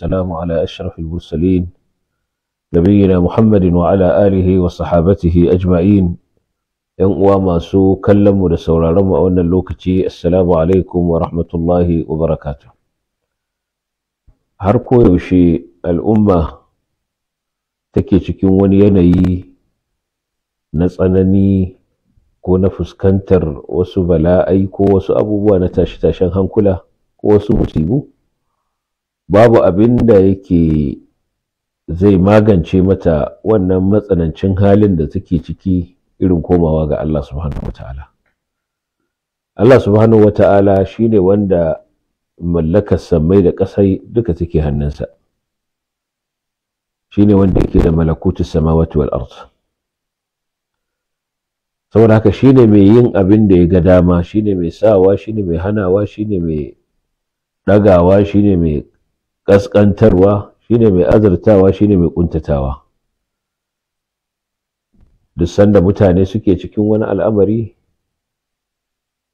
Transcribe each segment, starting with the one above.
السلام على أشرف المرسلين wa محمد وعلى آله وصحابته أجمعين ‘yan uwa masu kallon mu da mu a wannan lokaci assalamu alaikum wa rahmatullahi wa barakatu har koyaushe al'umma take cikin wani yanayi na tsanani ko na fuskantar wasu bala'ai ko wasu abubuwa na tashe-tashen hankula ko wasu musibu babu abin da yake zai magance mata wannan matsanancin halin da take ciki irin komawa ga Allah subhanahu wata'ala Allah subhanahu wata'ala shine wanda mallakar samai da ƙasai duka take hannunsa shine wanda yake da malakutu samawati wal ard saboda haka shine mai yin abin da ya ga dama shine mai sawa shine mai hanawa shine mai ɗagawa shine mai ƙasƙantarwa shine mai azurtawa shine mai ƙuntatawa duk sanda mutane suke cikin wani al'amari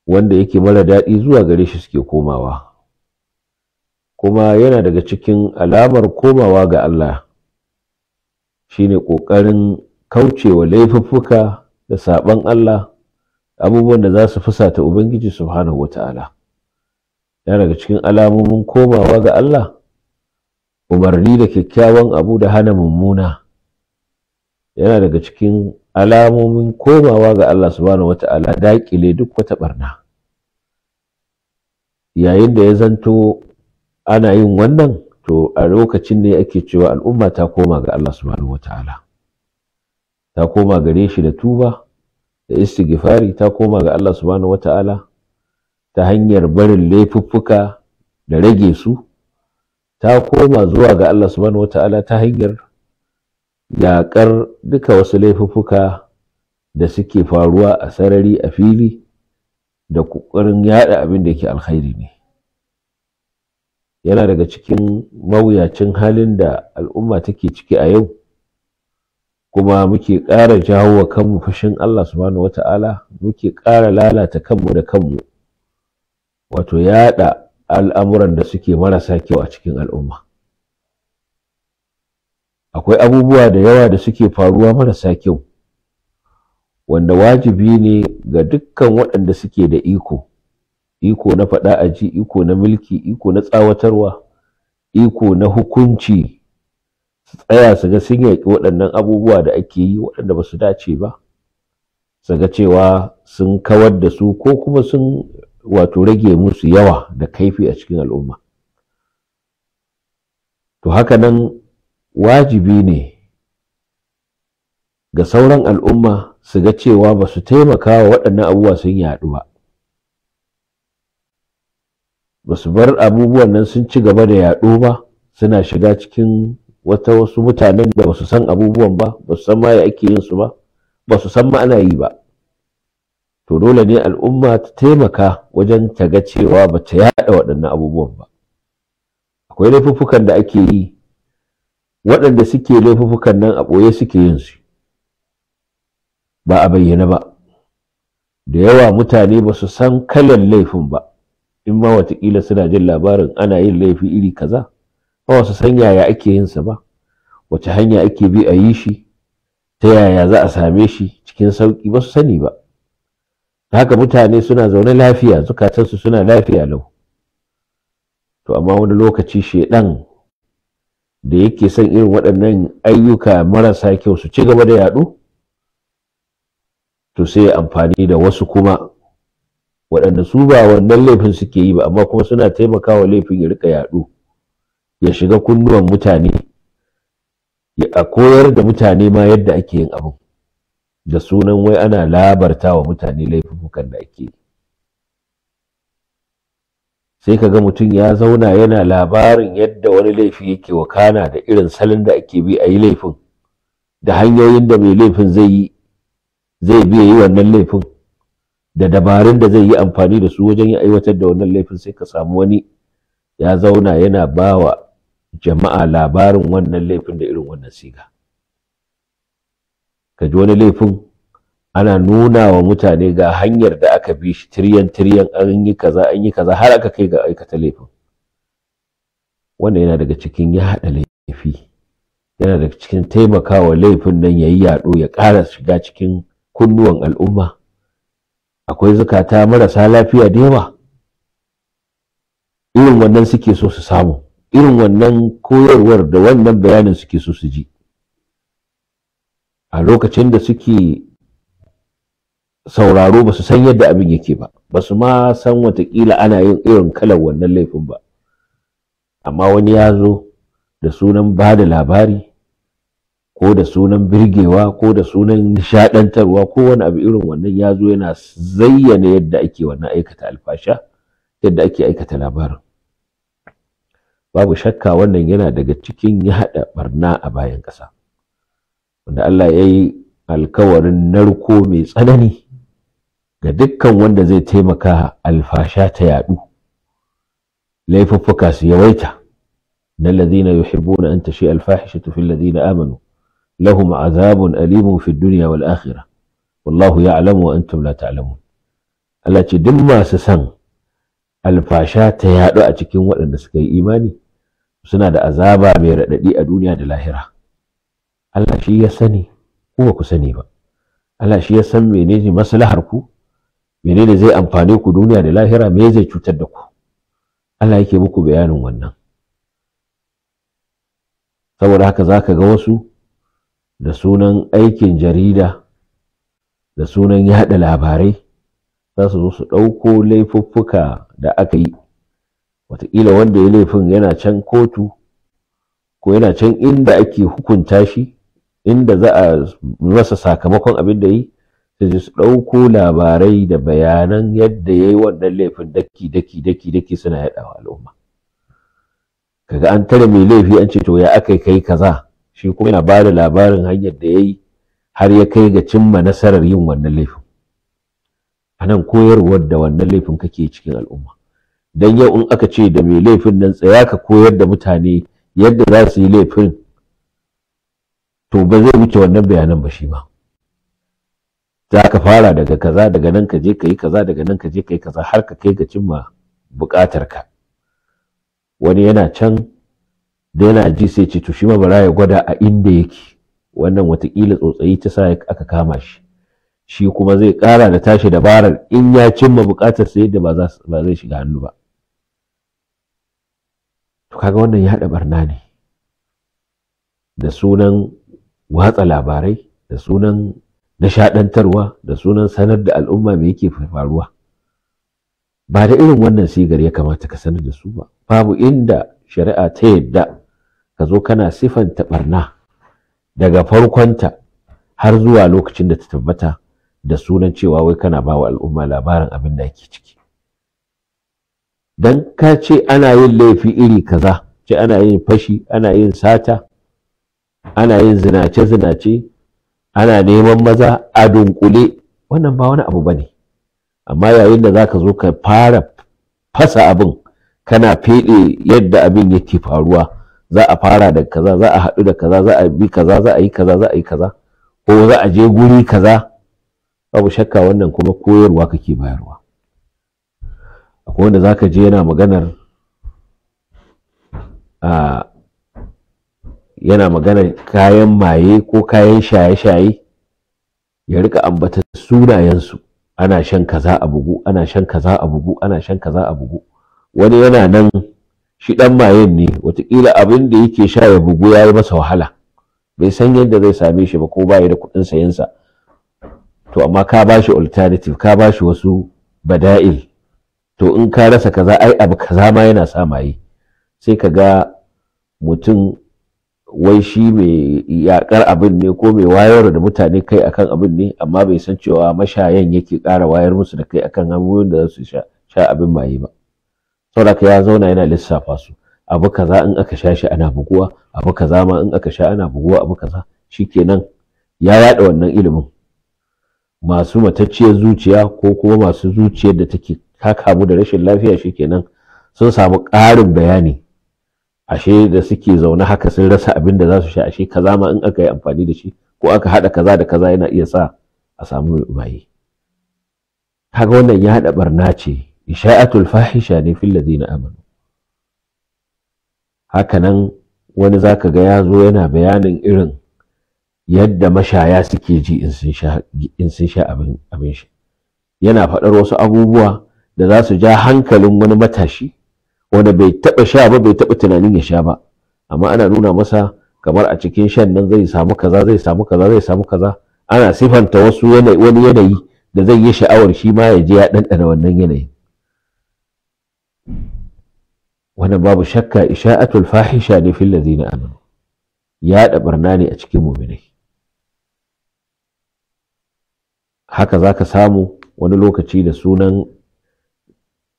wanda yake mara daɗi zuwa gare shi suke komawa kuma yana daga cikin alamar komawa ga Allah shine ƙoƙarin kaucewa laifuffuka da saɓan Allah abubuwan da za su fusata Ubangiji Subhanahu wa ta'ala. yana daga cikin alamomin komawa ga Allah umarni da kyakkyawan abu da hana mummuna yana daga cikin alamomin komawa ga Allah subhanahu wata'ala daƙile duk wata ɓarna. yayin da ya zanto ana yin wannan to a lokacin ne ake cewa al'umma ta koma ga Allah subhanahu wata'ala ta koma gare shi da tuba da istighfari ta koma ga Allah subhanahu wata'ala ta hanyar barin laifuffuka da rage su ta koma zuwa ga Allah subhanahu wata'ala ta hanyar yaƙar duka wasu laifuffuka da suke faruwa a sarari a fili da ƙoƙarin yaɗa abin da yake alkhairi ne yana daga cikin mawuyacin halin da al'umma take ciki a yau kuma muke ƙara jawo wa kanmu fushin Allah subhanahu wata'ala muke ƙara lalata kanmu da kanmu wato yaɗa al'amuran da suke marasa kyau a cikin al'umma akwai abubuwa da yawa da suke faruwa marasa kyau wanda wajibi ne ga dukkan waɗanda suke da iko iko na faɗa a ji iko na mulki iko na tsawatarwa iko na hukunci tsaya su ga sun yaƙi waɗannan abubuwa da ake yi waɗanda ba su dace ba su ga cewa sun kawar da su ko kuma sun wato rage musu yawa da kaifi a cikin al'umma to haka nan wajibi ne ga sauran al'umma su ga cewa ba su taimaka wa waɗannan abubuwa sun yaɗu ba ba su bar abubuwan nan sun ci gaba da yaɗu ba suna shiga cikin wata wasu mutanen da ba su san abubuwan ba ba su san ma ya ake yin su ba ba su san ma ana yi ba to dole ne al'umma ta taimaka wajen ta ga cewa ba ta yaɗa waɗannan abubuwan ba akwai laifuffukan da ake yi waɗanda suke laifuffukan nan a ɓoye suke yin su ba a bayyana ba da yawa mutane ba su san kalan laifin ba in ma watakila suna jin labarin ana yin laifi iri kaza ba wasu san yaya ake yin sa ba wace hanya ake bi a yi shi ta yaya za a same shi cikin sauƙi ba su sani ba haka mutane suna zaune lafiya zukatansu suna lafiya lau to amma wani lokaci shedan da yake son irin waɗannan ayyuka marasa kyau su ci gaba da yaɗu to sai ya amfani da wasu kuma waɗanda su ba wannan laifin suke yi ba amma kuma suna taimakawa laifin ya rika yaɗu ya shiga kunnuwan mutane ya koyar da mutane ma yadda ake yin abin da sunan wai ana labarta wa mutane laifukan da ake sai ka ga mutum ya zauna yana labarin yadda wani laifi yake wakana da irin salon da ake bi a yi laifin da hanyoyin da mai laifin zai yi zai biya yi wannan laifin da dabarun da zai yi amfani da su wajen ya aiwatar da wannan laifin sai ka samu wani ya zauna yana bawa jama'a labarin wannan laifin da irin wannan siga ka ji wani laifin ana nuna wa mutane ga hanyar da aka bi shi tiryan tiryan an yi kaza an yi kaza har aka kai ga aikata laifin wannan yana daga cikin ya haɗa laifi yana daga cikin taimakawa laifin nan ya yi yaɗo ya ƙara shiga cikin kunnuwan al'umma akwai zukata marasa lafiya da yawa irin wannan suke so su samu irin wannan koyarwar da wannan bayanin suke so su ji a lokacin da suke sauraro ba su san yadda abin yake ba ba su ma san watakila ana yin irin kalar wannan laifin ba amma wani ya zo da sunan ba da labari ko da sunan birgewa ko da sunan nishadantarwa ko wani abu irin wannan ya zo yana zayyana yadda ake wannan aikata alfasha yadda ake aikata labarin babu shakka wannan yana daga cikin ya haɗa barna a bayan ƙasa wanda Allah ya yi alkawarin narko mai tsanani ga dukkan wanda zai taimaka alfasha ta yaɗu laifuffuka su yawaita na lazina yuhibbuna an tashi alfahishatu fil lazina, amanu lahum azabun alimun fid dunya wal akhirah wallahu alamu wa antum la ta'lamun Allah ce duk masu san alfasha ta yaɗu a cikin waɗanda suka yi imani suna da azaba mai raɗaɗi a duniya da lahira Allah shi ya sani ko ba ku sani ba Allah shi ya san menene maslahar ku menene zai amfane ku duniya da lahira me zai cutar da ku Allah yake muku bayanin wannan saboda haka zaka ga wasu da sunan aikin jarida da sunan yaɗa labarai za su zo su ɗauko laifuffuka da aka yi wataƙila wanda ya laifin yana can kotu ko yana can inda ake hukunta shi inda za a masa sakamakon abin da yi sai su ɗauko labarai da bayanan yadda ya yi wannan laifin daki daki daki daki suna yaɗawa al'umma kaga an tare mai laifi an ce to ya aka kai kaza shi kuma yana bada labarin hanyar da ya yi har ya kai ga cimma nasarar yin wannan laifin a nan koyarwar da wannan laifin kake cikin al'umma dan yau in aka ce da mai laifin nan tsaya ka koyar da mutane yadda za su yi laifin to ba zai wuce wannan bayanan ba shi ba? za ka fara daga kaza daga nan ka je ka yi kaza daga nan ka je ka yi kaza har ka kai ga cimma buƙatar ka wani yana can da yana ji sai ce to shi ma bara ya gwada a inda yake wannan watakila tsotsayi ta sa aka kama shi shi kuma zai ƙara da tashi dabarar in ya cimma buƙatar sa da ba zai shiga hannu ba to kaga wannan ya haɗa barna ne da sunan watsa labarai da sunan nishaɗantarwa da sunan sanar da al'umma mai yake faruwa ba da irin wannan sigar ya kamata ka sanar da su ba babu inda shari'a ta yadda ka zo kana sifanta barna daga farkonta har zuwa lokacin da ta tabbata da sunan cewa wai kana ba wa al'umma labarin abin da ake ciki don ka ce ana yin laifi iri kaza ce ana yin fashi ana yin sata ana yin zinace-zinace ana neman maza a dunkule wannan ba wani abu ba ne amma yayin da za ka zo ka fara fasa abin kana feɗe yadda abin yake faruwa za a fara da kaza za a haɗu da kaza za a bi kaza za a yi kaza za a yi kaza ko za a je guri kaza babu shakka wannan kuma koyarwa kake bayarwa akwai wanda za ka je yana maganar ah, yana magana kayan maye ko kayan shaye-shaye ya rika ambata sunayensu ana shan kaza a bugu ana shan kaza a bugu ana shan kaza a bugu wani yana nan shi dan mayen ne watakila abin da yake sha ya bugu ya yi masa wahala bai san yadda zai same shi ba ko ba ya da kuɗin sayensa to amma ka ba shi alternative ka ba shi wasu bada'il to in ka rasa kaza ai abu kaza ma yana sa maye sai ka ga mutum wai shi mai yaƙar abin ne ko mai wayar da mutane kai akan abin ne amma bai san cewa mashayan yake ƙara wayar musu da kai akan hanyoyin da za su sha sha abin maye ba saboda ya zauna yana lissafa su abu kaza in aka sha shi ana buguwa abu kaza ma in aka sha ana buguwa abu kaza shikenan ya yada wannan ilimin masu matacciyar zuciya ko kuma masu zuciyar da take ta kamu da rashin lafiya shikenan sun samu ƙarin bayani ashe da suke zaune haka sun rasa abin da za su sha ashe kaza ma in aka yi amfani da shi ko aka haɗa kaza da kaza yana iya sa a samu mai kaga wannan ya haɗa barna ce isha'atul fahisha ne fil ladina amanu nan wani zaka ga ya zo yana bayanin irin yadda mashaya suke ji in sun sha in sun sha abin abin shi yana faɗar wasu abubuwa da za su ja hankalin wani matashi wanda bai taɓa sha ba bai taɓa tunanin ya sha ba amma ana nuna masa kamar a cikin shan nan zai samu kaza zai samu kaza zai samu kaza ana sifanta wasu wani yanayi da zai yi sha'awar shi ma ya je ya ɗanɗana wannan yanayi wannan babu shakka isha'atul fahisha ne fil ladina amanu ya da barna ne a cikin mu'minai haka zaka samu wani lokaci da sunan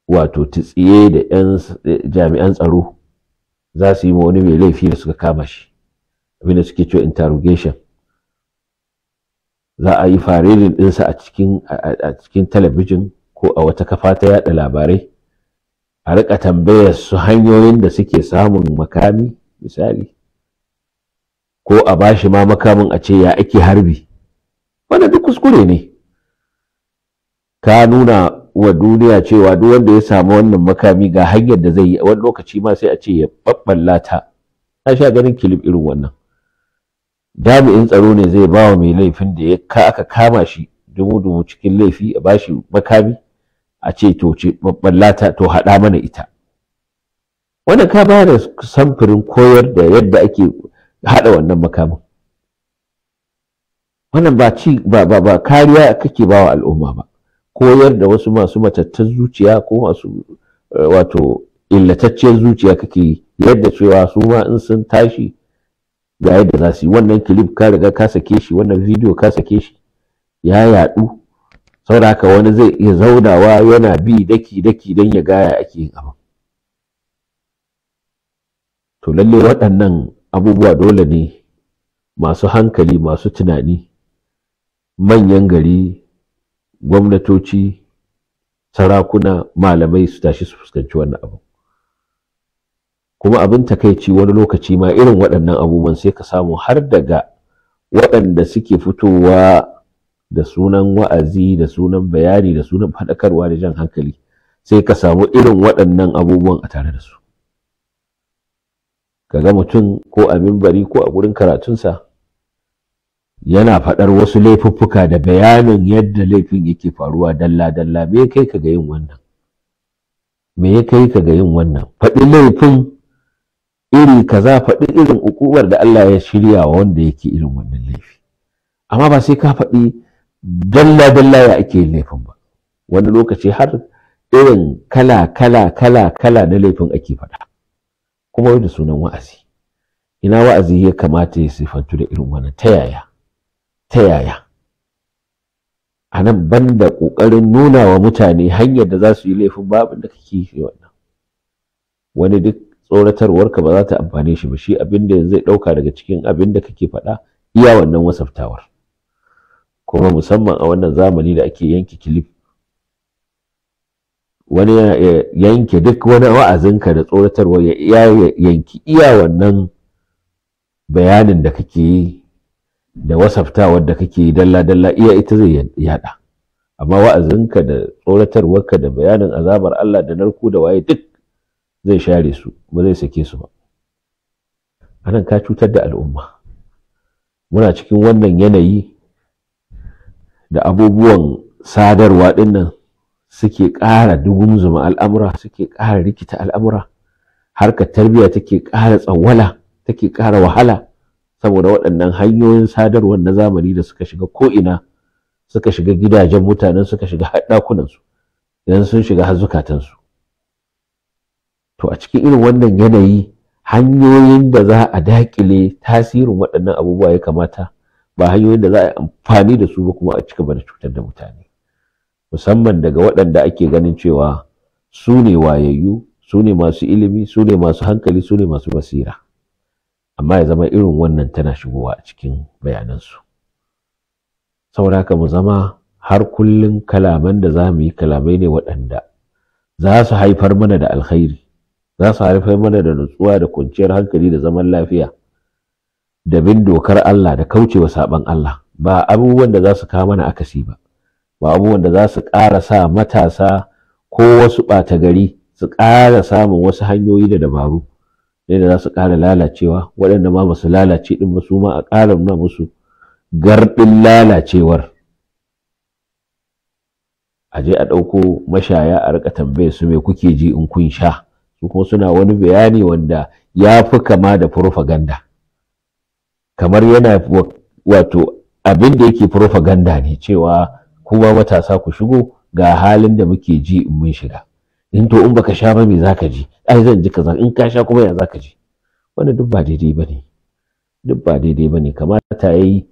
wato tsiye da 'yan jami'an tsaro za su yi ma wani mai laifi da suka kama shi abinda suke cewa interrogation za a yi faririn ɗinsa a cikin talabijin ko a wata kafa ta yaɗa labarai a rika tambaya su hanyoyin da suke samun makami misali ko a ba shi ma makamin a ce ya ake harbi wanda duk kuskure ne ka nuna wa duniya cewa duk wanda ya samu wannan makami ga hanyar da zai yi wani lokaci ma sai a ce ya babballa ta na sha ganin kilif irin wannan jami'in tsaro ne zai ba wa mai laifin da ya aka kama shi dumu-dumu cikin laifi a bashi makami a ce to ce babballa ta to haɗa mana ita wanda ka ba da samfurin koyar da yadda ake haɗa wannan makamin wannan ba ci ba ba kariya kake bawa al'umma ba koyar da wasu masu matattar zuciya ko masu eh, wato illatacciyar zuciya kake yadda cewa su ma in sun tashi ga yadda za su yi wannan kilif ka riga ka sake shi wannan bidiyo ka sake shi ya yaɗu haka wani zai iya zaunawa yana bi daki daki dan ya gaya ake yin abin to lalle waɗannan abubuwa dole ne masu hankali masu tunani manyan gari gwamnatoci sarakuna malamai su tashi su fuskanci wannan abu kuma abin takaici wani lokaci ma irin waɗannan abubuwan sai ka samu har daga waɗanda suke fitowa da sunan wa'azi da sunan bayani da sunan faɗakarwa da jan hankali sai ka samu irin waɗannan abubuwan a tare da su kaga mutum ko a mimbari ko a gurin karatunsa yana faɗar wasu laifuffuka da bayanin yadda laifin yake faruwa dalla-dalla me kai ka ga yin wannan me ya kai ka ga yin wannan faɗi laifin iri kaza faɗi irin ukubar da Allah ya shirya wa wanda yake irin wannan laifi amma ba sai ka faɗi dalla-dalla ya ake yin laifin ba wani lokaci har irin kala kala kala kala na laifin ake faɗa kuma wai sunan wa'azi ina wa'azi ya kamata ya sifantu da irin wannan ta yaya ta yaya a nan banda ƙoƙarin nuna wa mutane hanyar da za su yi laifin babin da kake yi wannan wani duk tsoratarwarka ba za ta amfane shi ba shi abin da zai ɗauka daga cikin abin da kake faɗa iya wannan wasaftawar kuma musamman a wannan zamani da ake yanke kilif wani yanke duk wani wa'azinka da tsoratarwa ya yanki iya wannan bayanin da kake yi da wasafta wadda kake dalla-dalla iya ita zai yada amma wa'azinka da tsoratarwarka da bayanin azabar Allah da narko da waye duk zai share su ba zai sake su ba anan ka cutar da al'umma muna cikin wannan yanayi da abubuwan sadarwa dinnan suke ƙara dugunzuma al'amura suke ƙara rikita al'amura harkar tarbiyya take ƙara tsawala take ƙara wahala saboda waɗannan hanyoyin sadarwar na zamani da suka shiga ko'ina suka shiga gidajen mutanen suka shiga ɗakunansu idan sun shiga har zukatansu to a cikin irin wannan yanayi hanyoyin da za a daƙile tasirin waɗannan abubuwa ya kamata ba hanyoyin da za a yi amfani da su ba kuma a cika bada cutar da mutane musamman daga waɗanda ake ganin cewa su ne wayayyu su ne masu ilimi su ne masu hankali su ne masu basira amma ya zama irin wannan tana shigowa a cikin bayanansu saboda haka mu zama har kullum kalaman da za mu yi kalamai ne waɗanda za su haifar mana da alkhairi za su haifar mana da nutsuwa da kwanciyar hankali da zaman lafiya da bin dokar Allah da kaucewa saɓan Allah ba abubuwan da za su kawo mana akasi ba ba abubuwan da za su ƙara sa matasa ko wasu ɓata gari su ƙara samun wasu hanyoyi da dabaru yadda za su ƙara lalacewa waɗanda ma basu lalace ɗin ba su ma a ƙara nuna musu garɗin lalacewar a je a ɗauko mashaya a rika tambaye su mai kuke ji in kun sha su kuma suna wani bayani wanda ya fi kama da furfaganda kamar yana wato abin da yake furfaganda ne cewa kuma matasa ku shigo ga halin da muke ji in mun shiga in to in baka sha ba me zaka ji ai zan ji kaza in ka sha kuma ya zaka ji wannan duk ba daidai bane duk ba daidai bane kamata yayi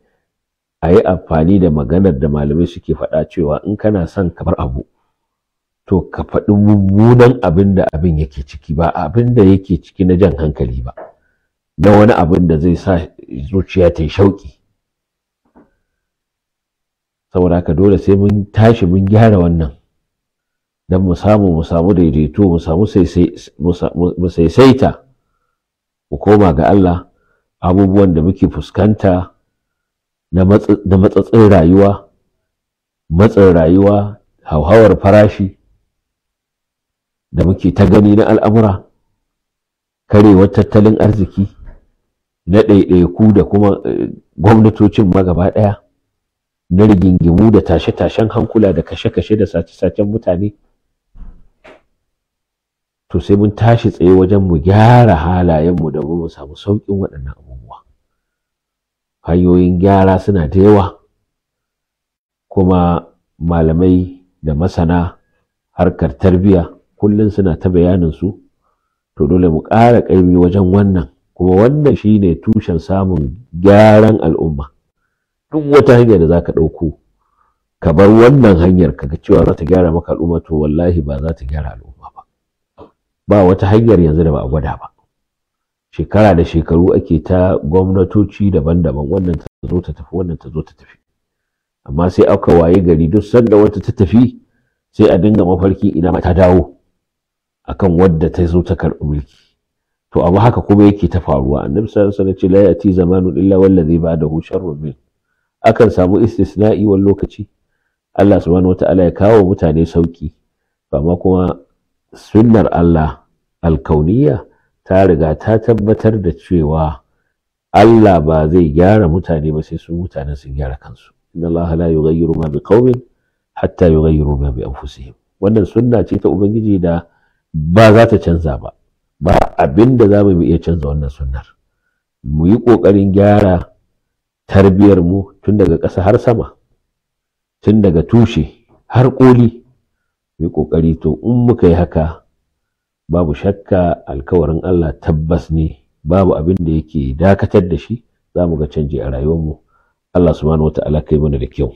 a yi amfani da maganar da malamai suke faɗa cewa in kana son kamar bar abu to ka faɗi mummunan abin da abin yake ciki ba abin da yake ciki na jan hankali ba na wani abin da zai sa zuciya ta yi shauƙi saboda haka dole sai mun tashi mun gyara wannan don mu samu mu samu daidaito mu samu saisaita mu koma ga Allah abubuwan da muke fuskanta na matsatsin rayuwa matsin rayuwa hauhawar farashi da muke ta gani na al'amura karewar tattalin arziki na ɗaiɗaiku da kuma eh, gwamnatocin magaba ɗaya na rigingimu da tashe-tashen hankula da kashe-kashe da sace-sacen mutane to sai mun tashi tsaye wajen mu gyara halayenmu da mu samu sauƙin waɗannan abubuwa hanyoyin gyara suna da yawa kuma malamai da masana harkar tarbiyya kullum suna ta bayanin su to dole mu ƙara ƙaimi wajen wannan kuma wannan shine tushen samun gyaran al'umma duk wata hanyar da zaka ka ɗauko ka bar wannan hanyar kaga cewa za ta gyara maka al'umma to wallahi ba za ta gyara al'umma ba wata hanyar yanzu da ba a gwada ba shekara da shekaru ake ta gwamnatoci daban-daban wannan ta zo ta tafi wannan ta zo ta tafi amma sai aka waye gari duk sanda wata ta tafi sai a dinga mafarki ina ta dawo akan wadda ta zo ta karɓi mulki to abu haka kuma yake ta faruwa annabi sallallahu alaihi wasallam ce la yati zamanu illa wallazi ba'dahu sharrun min akan samu istisna'i wal lokaci Allah subhanahu wata'ala ya kawo mutane sauki ba kuma sunnar Allah alkauniya ta riga ta tabbatar da cewa Allah ba zai gyara mutane ba sai su mutane sun gyara kansu inna Allah la yughayyiru ma biqaumin hatta yughayyiru ma bi anfusihim wannan sunna ce ta ubangiji da ba za ta canza ba ba abinda za mu iya canza wannan sunnar mu yi kokarin gyara tarbiyar mu tun daga ƙasa har sama tun daga tushe har ƙoli mai yi ƙoƙari to in muka yi haka babu shakka alkawarin Allah tabbas ne babu abin da yake dakatar da shi za mu ga canji a rayuwar mu. Allah subhanahu wata'ala kai mana da kyau